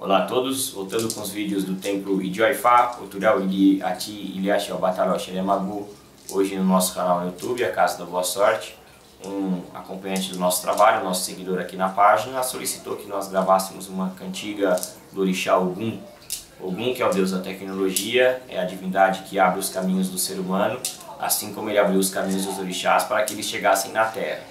Olá a todos, voltando com os vídeos do templo Idioifá, cultural de Ati Ilhashi Albataroshe Lemagu, hoje no nosso canal no YouTube, a Casa da Boa Sorte. Um acompanhante do nosso trabalho, nosso seguidor aqui na página, solicitou que nós gravássemos uma cantiga do Orixá Ogum. Ogum, que é o deus da tecnologia, é a divindade que abre os caminhos do ser humano, assim como ele abriu os caminhos dos orixás para que eles chegassem na Terra.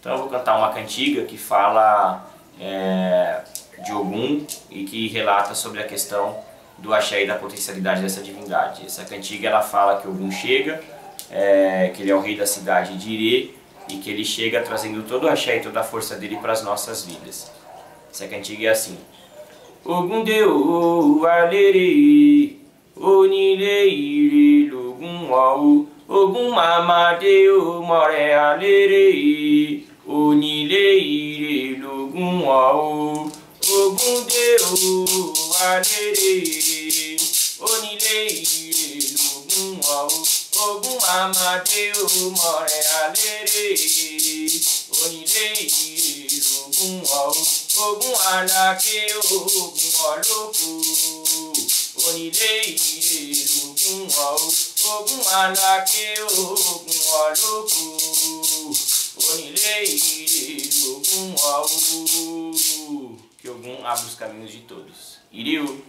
Então eu vou cantar uma cantiga que fala... É de Ogum e que relata sobre a questão do axé e da potencialidade dessa divindade. Essa cantiga ela fala que Ogum chega, é, que ele é o rei da cidade de Irê e que ele chega trazendo todo o axé e toda a força dele para as nossas vidas. Essa cantiga é assim. Ogum deu alerê, onileire lugum au, Ogum mamadeu more alerê, onileire lugum au. ogún dé o wà lédè onílé ire lògùn wà o ogún àmàdé o mọ̀rẹ́ àlérè onílé ire lògùn wà o ogún aláké ogun ọlọ́kù onílé ire lògùn wà o ogún aláké ogun ọlọ́kù onílé ire lògùn wà o. que algum abra os caminhos de todos. Iriu!